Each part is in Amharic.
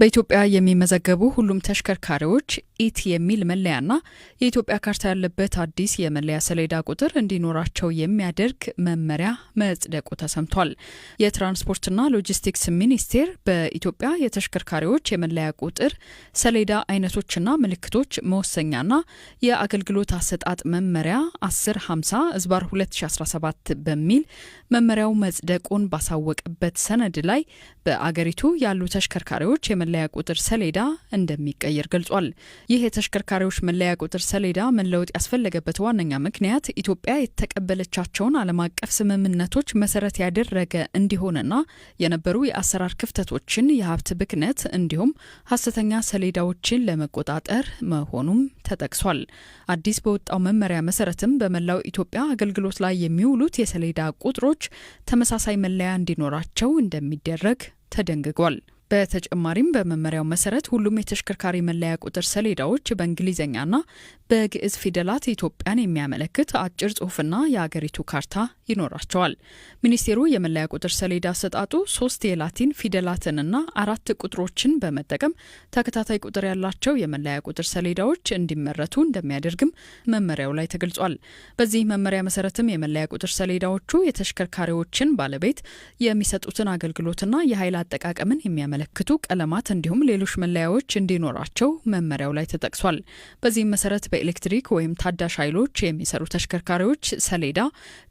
በኢትዮጵያ የሚመዘገቡ ሁሉም ተሽከርካሪዎች ኢት የሚል መለያና የኢትዮጵያ ካርታ ያለበት አዲስ የመለያ ሰሌዳ ቁጥር እንዲኖራቸው የሚያደርግ መመሪያ መጽደቁ ተሰምቷል። የትራንስፖርትና ሎጂስቲክስ ሚኒስቴር በኢትዮጵያ የተሽከርካሪዎች የመለያ ቁጥር ሰሌዳ አይነቶችና ምልክቶች መወሰኛና የአገልግሎት አሰጣጥ መመሪያ 1050 እዝባር 2017 በሚል መመሪያው መጽደቁን ባሳወቀበት ሰነድ ላይ በአገሪቱ ያሉ ተሽከርካሪዎች የመለያ ቁጥር ሰሌዳ እንደሚቀየር ገልጿል። ይህ የተሽከርካሪዎች መለያ ቁጥር ሰሌዳ መለወጥ ያስፈለገበት ዋነኛ ምክንያት ኢትዮጵያ የተቀበለቻቸውን ዓለም አቀፍ ስምምነቶች መሰረት ያደረገ እንዲሆንና የነበሩ የአሰራር ክፍተቶችን፣ የሀብት ብክነት እንዲሁም ሀሰተኛ ሰሌዳዎችን ለመቆጣጠር መሆኑም ተጠቅሷል። አዲስ በወጣው መመሪያ መሰረትም በመላው ኢትዮጵያ አገልግሎት ላይ የሚውሉት የሰሌዳ ቁጥሮች ተመሳሳይ መለያ እንዲኖራቸው እንደሚደረግ ተደንግጓል። በተጨማሪም በመመሪያው መሰረት ሁሉም የተሽከርካሪ መለያ ቁጥር ሰሌዳዎች በእንግሊዝኛና በግዕዝ ፊደላት ኢትዮጵያን የሚያመለክት አጭር ጽሑፍና የአገሪቱ ካርታ ይኖራቸዋል። ሚኒስቴሩ የመለያ ቁጥር ሰሌዳ አሰጣጡ ሶስት የላቲን ፊደላትንና አራት ቁጥሮችን በመጠቀም ተከታታይ ቁጥር ያላቸው የመለያ ቁጥር ሰሌዳዎች እንዲመረቱ እንደሚያደርግም መመሪያው ላይ ተገልጿል። በዚህ መመሪያ መሰረትም የመለያ ቁጥር ሰሌዳዎቹ የተሽከርካሪዎችን ባለቤት የሚሰጡትን አገልግሎትና የኃይል አጠቃቀምን የሚያመለክቱ ቀለማት እንዲሁም ሌሎች መለያዎች እንዲኖራቸው መመሪያው ላይ ተጠቅሷል። በዚህም መሰረት በኤሌክትሪክ ወይም ታዳሽ ኃይሎች የሚሰሩ ተሽከርካሪዎች ሰሌዳ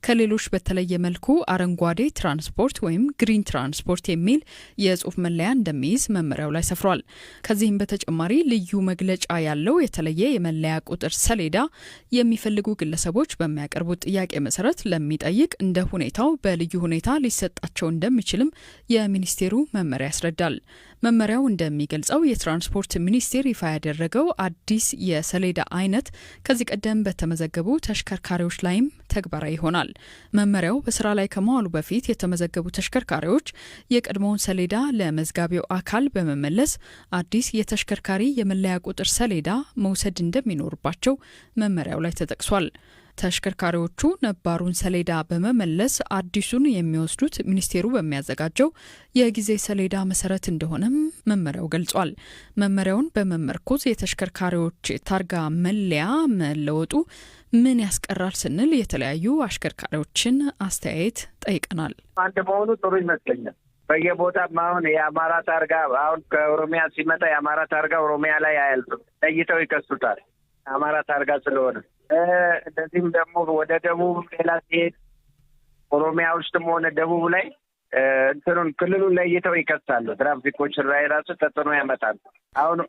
ከሌሎች ከሌሎች በተለየ መልኩ አረንጓዴ ትራንስፖርት ወይም ግሪን ትራንስፖርት የሚል የጽሁፍ መለያ እንደሚይዝ መመሪያው ላይ ሰፍሯል። ከዚህም በተጨማሪ ልዩ መግለጫ ያለው የተለየ የመለያ ቁጥር ሰሌዳ የሚፈልጉ ግለሰቦች በሚያቀርቡት ጥያቄ መሰረት ለሚጠይቅ እንደ ሁኔታው በልዩ ሁኔታ ሊሰጣቸው እንደሚችልም የሚኒስቴሩ መመሪያ ያስረዳል። መመሪያው እንደሚገልጸው የትራንስፖርት ሚኒስቴር ይፋ ያደረገው አዲስ የሰሌዳ አይነት ከዚህ ቀደም በተመዘገቡ ተሽከርካሪዎች ላይም ተግባራዊ ይሆናል። መመሪያው በስራ ላይ ከመዋሉ በፊት የተመዘገቡ ተሽከርካሪዎች የቀድሞውን ሰሌዳ ለመዝጋቢው አካል በመመለስ አዲስ የተሽከርካሪ የመለያ ቁጥር ሰሌዳ መውሰድ እንደሚኖርባቸው መመሪያው ላይ ተጠቅሷል። ተሽከርካሪዎቹ ነባሩን ሰሌዳ በመመለስ አዲሱን የሚወስዱት ሚኒስቴሩ በሚያዘጋጀው የጊዜ ሰሌዳ መሰረት እንደሆነም መመሪያው ገልጿል። መመሪያውን በመመርኮዝ የተሽከርካሪዎች ታርጋ መለያ መለወጡ ምን ያስቀራል ስንል የተለያዩ አሽከርካሪዎችን አስተያየት ጠይቀናል። አንድ መሆኑ ጥሩ ይመስለኛል። በየቦታም አሁን የአማራ ታርጋ አሁን ከኦሮሚያ ሲመጣ የአማራ ታርጋ ኦሮሚያ ላይ አያልፍም፣ ለይተው ይከሱታል። አማራ ታርጋ ስለሆነ እንደዚህም ደግሞ ወደ ደቡብ ሌላ ሲሄድ ኦሮሚያ ውስጥም ሆነ ደቡብ ላይ እንትኑን ክልሉን ለይተው ይከሳሉ። ትራፊኮች ላይ ራሱ ተጽዕኖ ያመጣሉ። አሁን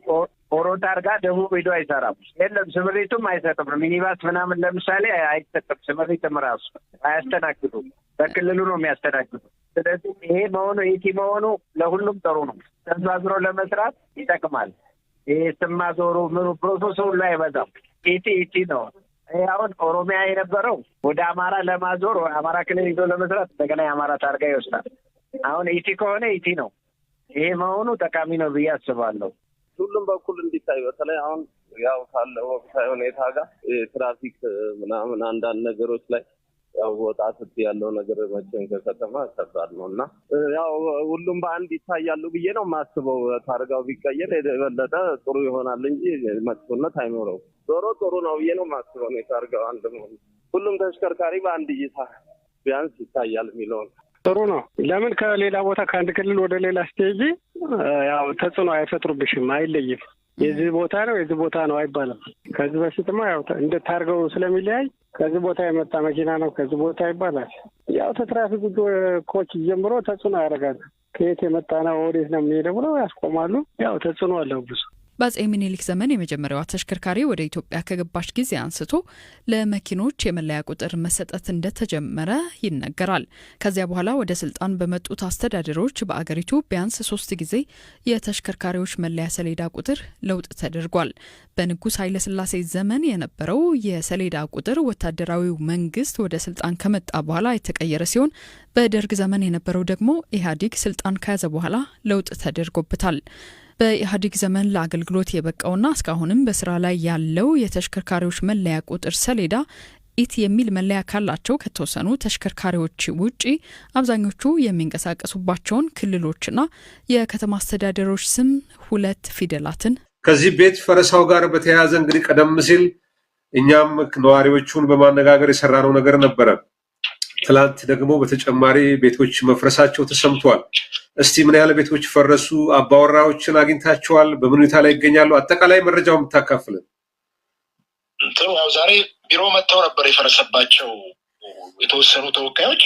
ኦሮታር ጋር ደቡብ ሂዶ አይሰራም፣ የለም ስምሪቱም አይሰጥም። ሚኒባስ ምናምን ለምሳሌ አይሰጥም፣ ስምሪትም ራሱ አያስተናግዱም። በክልሉ ነው የሚያስተናግዱ። ስለዚህ ይሄ መሆኑ ኢቲ መሆኑ ለሁሉም ጥሩ ነው። ተዛዝሮ ለመስራት ይጠቅማል። ይሄ ስማዞሩ ምኑ ፕሮሰሱ ሁሉ አይበዛም። ኢቲ ኢቲ ነው። አሁን ኦሮሚያ የነበረው ወደ አማራ ለማዞር አማራ ክልል ይዞ ለመስራት እንደገና የአማራ ታርጋ ይወስዳል። አሁን ኢቲ ከሆነ ኢቲ ነው። ይሄ መሆኑ ጠቃሚ ነው ብዬ አስባለሁ። ሁሉም በኩል እንዲታይ በተለይ አሁን ያው ካለ ወቅታዊ ሁኔታ ጋር ትራፊክ ምናምን አንዳንድ ነገሮች ላይ ያው ወጣ ስት ያለው ነገር መቼም ከከተማ ከባድ ነው እና ያው ሁሉም በአንድ ይታያሉ ብዬ ነው የማስበው። ታርጋው ቢቀየር የበለጠ ጥሩ ይሆናል እንጂ መጥፎነት አይኖረው። ዞሮ ጥሩ ነው ብዬ ነው የማስበው ነው የታርጋው አንድ መሆኑ። ሁሉም ተሽከርካሪ በአንድ እይታ ቢያንስ ይታያል የሚለውን ጥሩ ነው። ለምን ከሌላ ቦታ ከአንድ ክልል ወደ ሌላ ስቴጂ ያው ተጽዕኖ አይፈጥሩብሽም፣ አይለይም የዚህ ቦታ ነው የዚህ ቦታ ነው አይባልም። ከዚህ በፊትማ ያው እንደ ስለሚለያይ ከዚህ ቦታ የመጣ መኪና ነው ከዚህ ቦታ ይባላል። ያው ተትራፊክ ኮች ጀምሮ ተጽዕኖ ያደርጋል። ከየት የመጣ ነው ወዴት ነው የሚሄደ ብለው ያስቆማሉ። ያው ተጽዕኖ አለው ብዙ በአጼ ምኒልክ ዘመን የመጀመሪያዋ ተሽከርካሪ ወደ ኢትዮጵያ ከገባች ጊዜ አንስቶ ለመኪኖች የመለያ ቁጥር መሰጠት እንደተጀመረ ይነገራል። ከዚያ በኋላ ወደ ስልጣን በመጡት አስተዳደሮች በአገሪቱ ቢያንስ ሶስት ጊዜ የተሽከርካሪዎች መለያ ሰሌዳ ቁጥር ለውጥ ተደርጓል። በንጉሥ ኃይለሥላሴ ዘመን የነበረው የሰሌዳ ቁጥር ወታደራዊው መንግስት ወደ ስልጣን ከመጣ በኋላ የተቀየረ ሲሆን በደርግ ዘመን የነበረው ደግሞ ኢህአዲግ ስልጣን ከያዘ በኋላ ለውጥ ተደርጎበታል። በኢህአዴግ ዘመን ለአገልግሎት የበቃውና እስካሁንም በስራ ላይ ያለው የተሽከርካሪዎች መለያ ቁጥር ሰሌዳ ኢት የሚል መለያ ካላቸው ከተወሰኑ ተሽከርካሪዎች ውጪ አብዛኞቹ የሚንቀሳቀሱባቸውን ክልሎችና የከተማ አስተዳደሮች ስም ሁለት ፊደላትን ከዚህ ቤት ፈረሳው ጋር በተያያዘ እንግዲህ ቀደም ሲል እኛም ነዋሪዎቹን በማነጋገር የሰራነው ነገር ነበረ። ትላንት ደግሞ በተጨማሪ ቤቶች መፍረሳቸው ተሰምቷል። እስቲ ምን ያህል ቤቶች ፈረሱ? አባወራዎችን አግኝታቸዋል? በምን ሁኔታ ላይ ይገኛሉ? አጠቃላይ መረጃው የምታካፍልን። ጥሩ። ያው ዛሬ ቢሮ መጥተው ነበር የፈረሰባቸው የተወሰኑ ተወካዮች።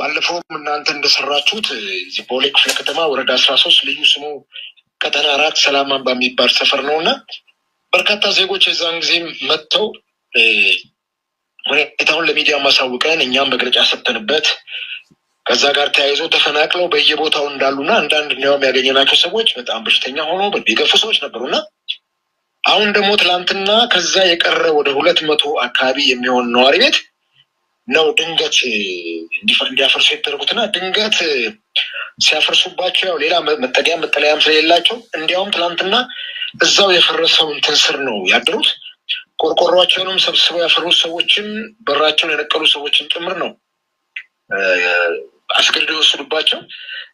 ባለፈውም እናንተ እንደሰራችሁት እዚህ ቦሌ ክፍለ ከተማ ወረዳ አስራ ሶስት ልዩ ስሙ ቀጠና አራት ሰላማን በሚባል ሰፈር ነው እና በርካታ ዜጎች የዛን ጊዜም መጥተው ሁኔታውን ለሚዲያ ማሳውቀን እኛም መግለጫ ሰጥተንበት ከዛ ጋር ተያይዞ ተፈናቅለው በየቦታው እንዳሉና አንዳንድ እንዲያውም ያገኘናቸው ሰዎች በጣም በሽተኛ ሆኖ የገፉ ሰዎች ነበሩና አሁን ደግሞ ትላንትና ከዛ የቀረ ወደ ሁለት መቶ አካባቢ የሚሆን ነዋሪ ቤት ነው ድንገት እንዲያፈርሱ የተደረጉትና ድንገት ሲያፈርሱባቸው ያው ሌላ መጠለያ መጠለያም ስለሌላቸው እንዲያውም ትላንትና እዛው የፈረሰውን እንትን ስር ነው ያደሩት። ቆርቆሯቸውንም ሰብስበው ያፈሩት ሰዎችም በራቸውን የነቀሉ ሰዎችን ጭምር ነው አስገድደው የወሰዱባቸው።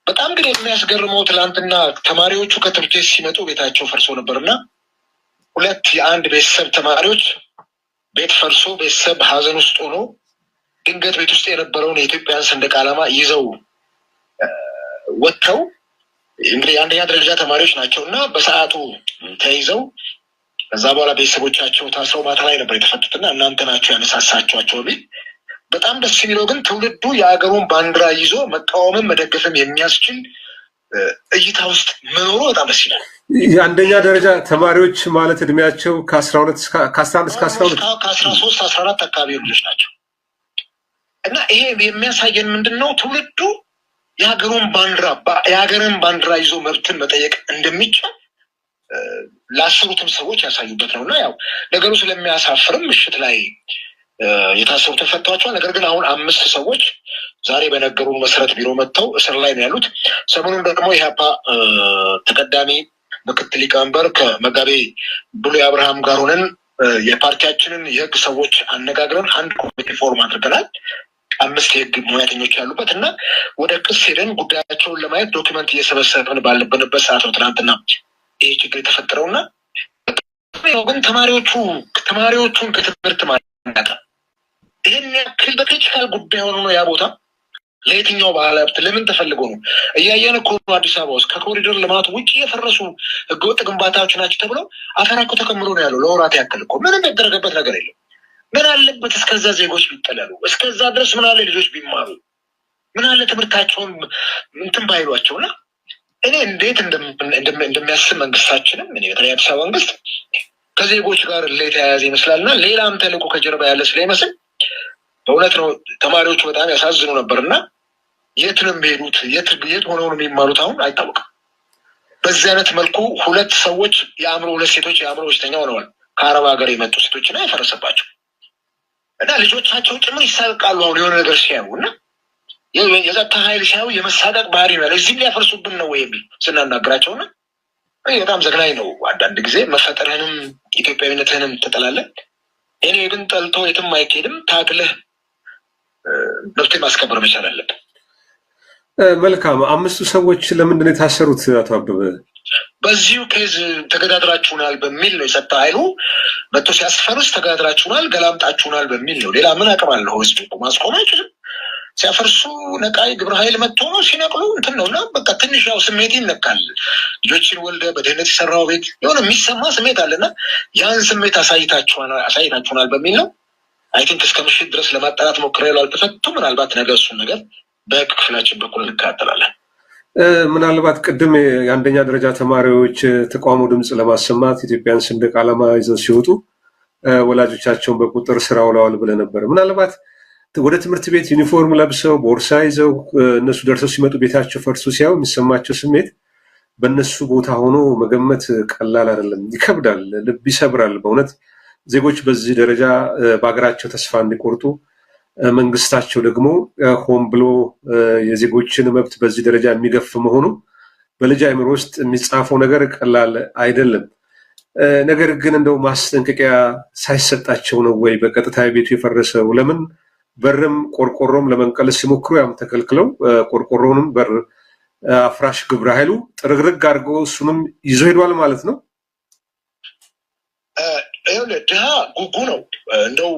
በጣም ግን የሚያስገርመው ትናንትና ተማሪዎቹ ከትምህርት ቤት ሲመጡ ቤታቸው ፈርሶ ነበር እና ሁለት የአንድ ቤተሰብ ተማሪዎች ቤት ፈርሶ ቤተሰብ ሀዘን ውስጥ ሆኖ ድንገት ቤት ውስጥ የነበረውን የኢትዮጵያን ሰንደቅ ዓላማ ይዘው ወጥተው እንግዲህ የአንደኛ ደረጃ ተማሪዎች ናቸው እና በሰዓቱ ተይዘው ከዛ በኋላ ቤተሰቦቻቸው ታስረው ማታ ላይ ነበር የተፈቱትና እናንተ ናቸው ያነሳሳቸዋቸው ቢል በጣም ደስ የሚለው ግን ትውልዱ የሀገሩን ባንዲራ ይዞ መቃወምን መደገፍም የሚያስችል እይታ ውስጥ መኖሩ በጣም ደስ ይላል። የአንደኛ ደረጃ ተማሪዎች ማለት እድሜያቸው ከአስራ ሁለት ከአስራ አንድ እስከ አስራ ሁለት ከአስራ ሶስት አስራ አራት አካባቢ ልጆች ናቸው እና ይሄ የሚያሳየን ምንድን ነው ትውልዱ የሀገሩን ባንዲራ የሀገርን ባንዲራ ይዞ መብትን መጠየቅ እንደሚቻል ላሰሩትም ሰዎች ያሳዩበት ነው እና ያው ነገሩ ስለሚያሳፍርም ምሽት ላይ የታሰሩ ፈተዋቸዋል። ነገር ግን አሁን አምስት ሰዎች ዛሬ በነገሩ መሰረት ቢሮ መጥተው እስር ላይ ነው ያሉት። ሰሞኑን ደግሞ ኢህአፓ ተቀዳሚ ምክትል ሊቀመንበር ከመጋቤ ብሉይ አብርሃም ጋር ሆነን የፓርቲያችንን የህግ ሰዎች አነጋግረን አንድ ኮሚቴ ፎርም አድርገናል። አምስት የህግ ሙያተኞች ያሉበት እና ወደ ክስ ሄደን ጉዳያቸውን ለማየት ዶክመንት እየሰበሰብን ባለብንበት ሰዓት ነው ትናንትና ይህ ችግር የተፈጠረውና ግን ተማሪዎቹ ተማሪዎቹን ከትምህርት ማለት ይህን ያክል በክሪቲካል ጉዳይ ሆኖ ነው ያ ቦታ ለየትኛው ባህል ሀብት ለምን ተፈልጎ ነው? እያየን እኮ አዲስ አበባ ውስጥ ከኮሪደር ልማት ውጭ የፈረሱ ህገወጥ ግንባታዎች ናቸው ተብለው አፈራኮ ተከምሮ ነው ያለው። ለወራት ያክል እኮ ምንም ያደረገበት ነገር የለም። ምን አለበት እስከዛ ዜጎች ቢጠለሉ፣ እስከዛ ድረስ ምን አለ ልጆች ቢማሩ፣ ምን አለ ትምህርታቸውን እንትን ባይሏቸውና እኔ እንዴት እንደሚያስብ መንግስታችንም እኔ በተለይ አዲስ አበባ መንግስት ከዜጎች ጋር የተያያዘ ይመስላል እና ሌላም ተልዕኮ ከጀርባ ያለ ስለይመስል በእውነት ነው ተማሪዎቹ በጣም ያሳዝኑ ነበር እና የት ነው የሚሄዱት? የት ሆነው ነው የሚማሩት? አሁን አይታወቅም። በዚህ አይነት መልኩ ሁለት ሰዎች የአእምሮ ሁለት ሴቶች የአእምሮ በሽተኛ ሆነዋል። ከአረብ ሀገር የመጡ ሴቶችና የፈረሰባቸው እና ልጆቻቸው ጭምር ይሳቃሉ አሁን የሆነ ነገር ሲያዩ እና የጸጥታ ኃይል ሲያዩ የመሳቀቅ ባህሪ ነው። እዚህ ሊያፈርሱብን ነው ወይ የሚል ስናናገራቸው ነው። በጣም ዘግናኝ ነው። አንዳንድ ጊዜ መፈጠርህንም ኢትዮጵያዊነትህንም ትጠላለህ። እኔ ግን ጠልቶ የትም አይኬድም። ታክለህ መብትህን ማስከበር መቻል አለብን። መልካም። አምስቱ ሰዎች ለምንድነው የታሰሩት? አቶ አበበ በዚሁ ኬዝ ተገዳድራችሁናል በሚል ነው የጸጥታ ኃይሉ መጥቶ ሲያስፈርስ፣ ተገዳድራችሁናል፣ ገላምጣችሁናል በሚል ነው። ሌላ ምን አቅም አለው ህዝቡ ማስቆማችሁ ሲያፈርሱ ነቃይ ግብረ ኃይል መጥቶ ነው ሲነቅሉ እንትን ነው እና በቃ ትንሽ ያው ስሜት ይነካል። ልጆችን ወልደ በድህነት የሰራው ቤት የሆነ የሚሰማ ስሜት አለና ያን ስሜት አሳይታችሁናል በሚል ነው አይ ቲንክ እስከ ምሽት ድረስ ለማጣራት ሞክረው አልተፈቱ። ምናልባት ነገ እሱን ነገር በህግ ክፍላችን በኩል እንከታተላለን። ምናልባት ቅድም የአንደኛ ደረጃ ተማሪዎች ተቃውሞ ድምፅ ለማሰማት ኢትዮጵያን ሰንደቅ ዓላማ ይዘው ሲወጡ ወላጆቻቸውን በቁጥር ስራ ውለዋል ብለህ ነበር ምናልባት ወደ ትምህርት ቤት ዩኒፎርም ለብሰው ቦርሳ ይዘው እነሱ ደርሰው ሲመጡ ቤታቸው ፈርሶ ሲያዩ የሚሰማቸው ስሜት በእነሱ ቦታ ሆኖ መገመት ቀላል አይደለም። ይከብዳል፣ ልብ ይሰብራል። በእውነት ዜጎች በዚህ ደረጃ በሀገራቸው ተስፋ እንዲቆርጡ መንግስታቸው ደግሞ ሆን ብሎ የዜጎችን መብት በዚህ ደረጃ የሚገፍ መሆኑ በልጅ አይምሮ ውስጥ የሚጻፈው ነገር ቀላል አይደለም። ነገር ግን እንደው ማስጠንቀቂያ ሳይሰጣቸው ነው ወይ በቀጥታ ቤቱ የፈረሰው? ለምን በርም ቆርቆሮም ለመንቀለስ ሲሞክሩ ያም ተከልክለው ቆርቆሮንም በር አፍራሽ ግብረ ኃይሉ ጥርግርግ አድርጎ እሱንም ይዞ ሄዷል ማለት ነው። ድሃ ጉጉ ነው እንደው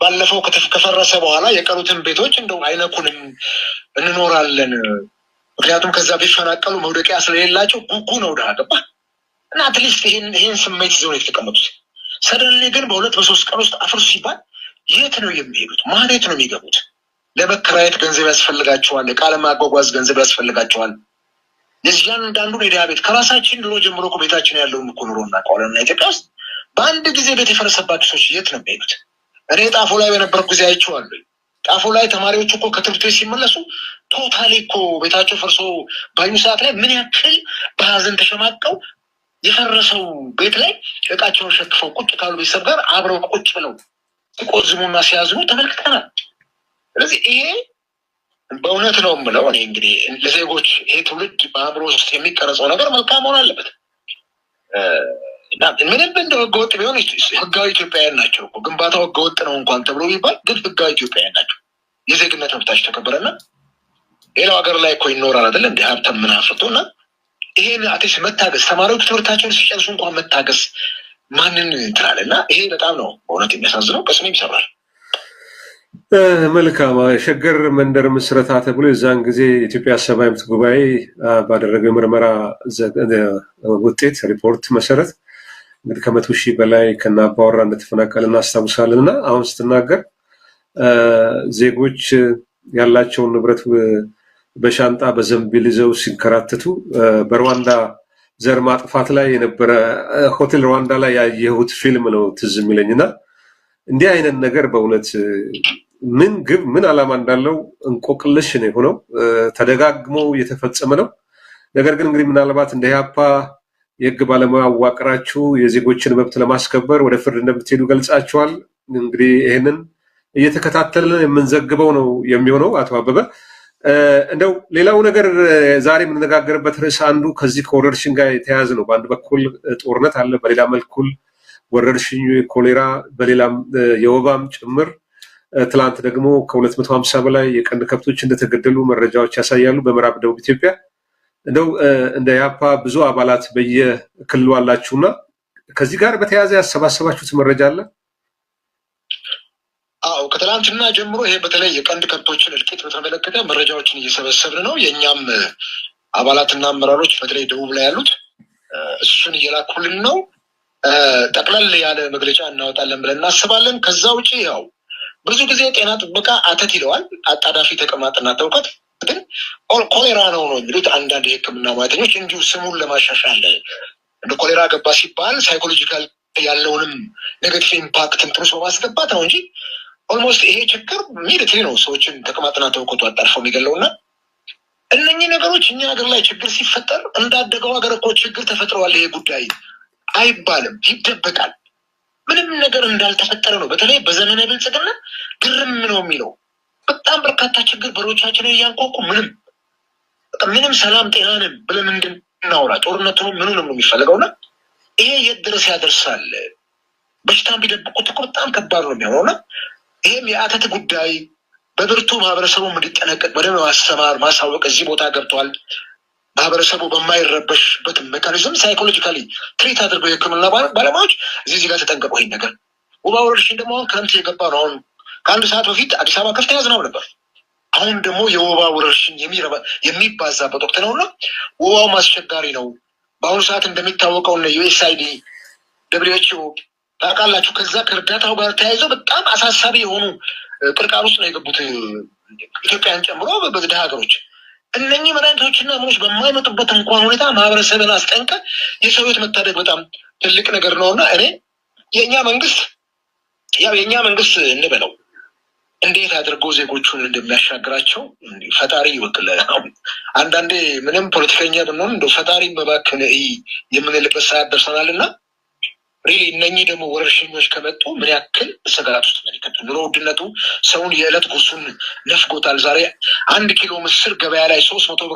ባለፈው ከፈረሰ በኋላ የቀሩትን ቤቶች እንደው አይነኩን እንኖራለን። ምክንያቱም ከዛ ቢፈናቀሉ መውደቂያ ስለሌላቸው ጉጉ ነው ድሃ ገባ እና አትሊስት ይህን ስሜት ይዘው ነው የተቀመጡት። ሰደንሌ ግን በሁለት በሶስት ቀን ውስጥ አፍርሱ ሲባል የት ነው የሚሄዱት? ማሬት ነው የሚገቡት? ለመከራየት ገንዘብ ያስፈልጋቸዋል። የቃለ ማጓጓዝ ገንዘብ ያስፈልጋቸዋል። አንዳንዱ የድሃ ቤት ከራሳችን ድሮ ጀምሮ እኮ ቤታችን ያለውን እኮ ኑሮ እናውቀዋለን። ኢትዮጵያ ውስጥ በአንድ ጊዜ ቤት የፈረሰባቸው ሰዎች የት ነው የሚሄዱት? እኔ ጣፎ ላይ በነበርኩ ጊዜ አይቼዋለሁ። ጣፎ ላይ ተማሪዎች እኮ ከትምህርት ቤት ሲመለሱ ቶታሊ እኮ ቤታቸው ፈርሶ ባዩ ሰዓት ላይ ምን ያክል በሀዘን ተሸማቀው የፈረሰው ቤት ላይ እቃቸውን ሸክፈው ቁጭ ካሉ ቤተሰብ ጋር አብረው ቁጭ ብለው ሲቆዝሙና ሲያዝኑ ተመልክተናል። ስለዚህ ይሄ በእውነት ነው የምለው እኔ እንግዲህ ለዜጎች ይሄ ትውልድ በአእምሮ ውስጥ የሚቀረጸው ነገር መልካም መሆን አለበት። ምንም እንደ ህገወጥ ቢሆን ህጋዊ ኢትዮጵያውያን ናቸው። ግንባታው ህገወጥ ነው እንኳን ተብሎ ቢባል ግን ህጋዊ ኢትዮጵያውያን ናቸው። የዜግነት መብታቸው ተከበረና ሌላው ሀገር ላይ እኮ ይኖራል አይደለ? እንደ ሀብተ ምናፍርቶ እና ይሄን አቴስ መታገስ ተማሪዎች ትምህርታቸውን ሲጨርሱ እንኳን መታገስ ማንን ትላል እና ይሄ በጣም ነው በእውነት የሚያሳዝነው። ቅስም ይሰብራል። መልካም ሸገር መንደር ምስረታ ተብሎ የዛን ጊዜ ኢትዮጵያ ሰብአዊ መብት ጉባኤ ባደረገው የምርመራ ውጤት ሪፖርት መሰረት እንግዲህ ከመቶ ሺህ በላይ ከናባወራ አባወራ እንደተፈናቀለ እናስታውሳለን እና አሁን ስትናገር ዜጎች ያላቸውን ንብረት በሻንጣ በዘንቢል ይዘው ሲንከራተቱ በሩዋንዳ ዘር ማጥፋት ላይ የነበረ ሆቴል ሩዋንዳ ላይ ያየሁት ፊልም ነው ትዝ የሚለኝ እና እንዲህ አይነት ነገር በእውነት ምን ግብ ምን ዓላማ እንዳለው እንቆቅልሽ ነው የሆነው። ተደጋግሞ የተፈጸመ ነው። ነገር ግን እንግዲህ ምናልባት እንደ ኢህአፓ የህግ ባለሙያ አዋቅራችሁ የዜጎችን መብት ለማስከበር ወደ ፍርድ እንደምትሄዱ ገልጻችኋል። እንግዲህ ይህንን እየተከታተልን የምንዘግበው ነው የሚሆነው። አቶ አበበ እንደው ሌላው ነገር ዛሬ የምንነጋገርበት ርዕስ አንዱ ከዚህ ከወረርሽኝ ጋር የተያያዘ ነው። በአንድ በኩል ጦርነት አለ፣ በሌላ መልኩል ወረርሽኙ የኮሌራ በሌላም የወባም ጭምር ትላንት ደግሞ ከ250 በላይ የቀንድ ከብቶች እንደተገደሉ መረጃዎች ያሳያሉ። በምዕራብ ደቡብ ኢትዮጵያ እንደው እንደ ያፓ ብዙ አባላት በየክልሉ አላችሁና ከዚህ ጋር በተያያዘ ያሰባሰባችሁት መረጃ አለ? አዎ ከትላንትና ጀምሮ ይሄ በተለይ የቀንድ ከብቶችን እልቂት በተመለከተ መረጃዎችን እየሰበሰብን ነው። የእኛም አባላትና አመራሮች በተለይ ደቡብ ላይ ያሉት እሱን እየላኩልን ነው። ጠቅለል ያለ መግለጫ እናወጣለን ብለን እናስባለን። ከዛ ውጭ ያው ብዙ ጊዜ ጤና ጥበቃ አተት ይለዋል። አጣዳፊ ተቅማጥና ተውከት ግን ኮሌራ ነው ነው የሚሉት አንዳንድ የሕክምና ሙያተኞች እንዲሁ ስሙን ለማሻሻል እንደ ኮሌራ ገባ ሲባል ሳይኮሎጂካል ያለውንም ኔጋቲቭ ኢምፓክት እንትሩስ በማስገባት ነው እንጂ ኦልሞስት ይሄ ችግር ሚሊትሪ ነው ሰዎችን ተቅማጥና ተውከቱ አጣርፈው የሚገለው እና እነኚህ ነገሮች እኛ ሀገር ላይ ችግር ሲፈጠር እንዳደገው ሀገር እኮ ችግር ተፈጥረዋል ይሄ ጉዳይ አይባልም፣ ይደበቃል። ምንም ነገር እንዳልተፈጠረ ነው። በተለይ በዘመነ ብልጽግና ግርም ነው የሚለው በጣም በርካታ ችግር በሮቻችን እያንኳኩ ምንም ምንም ሰላም ጤናንም ብለን እንድናወራ ጦርነቱ ምኑ ነው የሚፈልገው እና ይሄ የት ድረስ ያደርሳል? በሽታን ቢደብቁት እኮ በጣም ከባድ ነው የሚሆነው እና ይህም የአተት ጉዳይ በብርቱ ማህበረሰቡ እንዲጠነቀቅ ወደ ማስተማር ማሳወቅ እዚህ ቦታ ገብተዋል። ማህበረሰቡ በማይረበሽበት ሜካኒዝም ሳይኮሎጂካሊ ትሪት አድርገው የሕክምና ባለሙያዎች እዚህ ዚጋ ተጠንቀቁ። ይህ ነገር ወባ ወረርሽኝ ደግሞ አሁን ክረምት የገባ ነው። አሁን ከአንድ ሰዓት በፊት አዲስ አበባ ከፍተኛ ዝናብ ነበር። አሁን ደግሞ የወባ ወረርሽኝ የሚባዛበት ወቅት ነውና ወባውም አስቸጋሪ ነው። በአሁኑ ሰዓት እንደሚታወቀው ዩኤስአይዲ ደብሊውኤችኦ ታውቃላችሁ። ከዛ ከእርዳታው ጋር ተያይዘው በጣም አሳሳቢ የሆኑ ቅርቃር ውስጥ ነው የገቡት ኢትዮጵያን ጨምሮ በድሃ ሀገሮች እነኚህ መድኃኒቶችና ምኖች በማይመጡበት እንኳን ሁኔታ ማህበረሰብን አስጠንቀ የሰው መታደግ በጣም ትልቅ ነገር ነው እና እኔ የእኛ መንግስት ያው የእኛ መንግስት እንበለው እንዴት አድርጎ ዜጎቹን እንደሚያሻግራቸው ፈጣሪ ይወቅል። አንዳንዴ ምንም ፖለቲከኛ ብንሆን እንደ ፈጣሪ መባክን የምንልበት ሰዓት ደርሰናል እና ሪሊ እነኚህ ደግሞ ወረርሽኞች ከመጡ ምን ያክል ስጋት ውስጥ ነው ኑሮ ውድነቱ ሰውን የዕለት ጉርሱን ነፍጎታል። ዛሬ አንድ ኪሎ ምስር ገበያ ላይ ሶስት መቶ ብር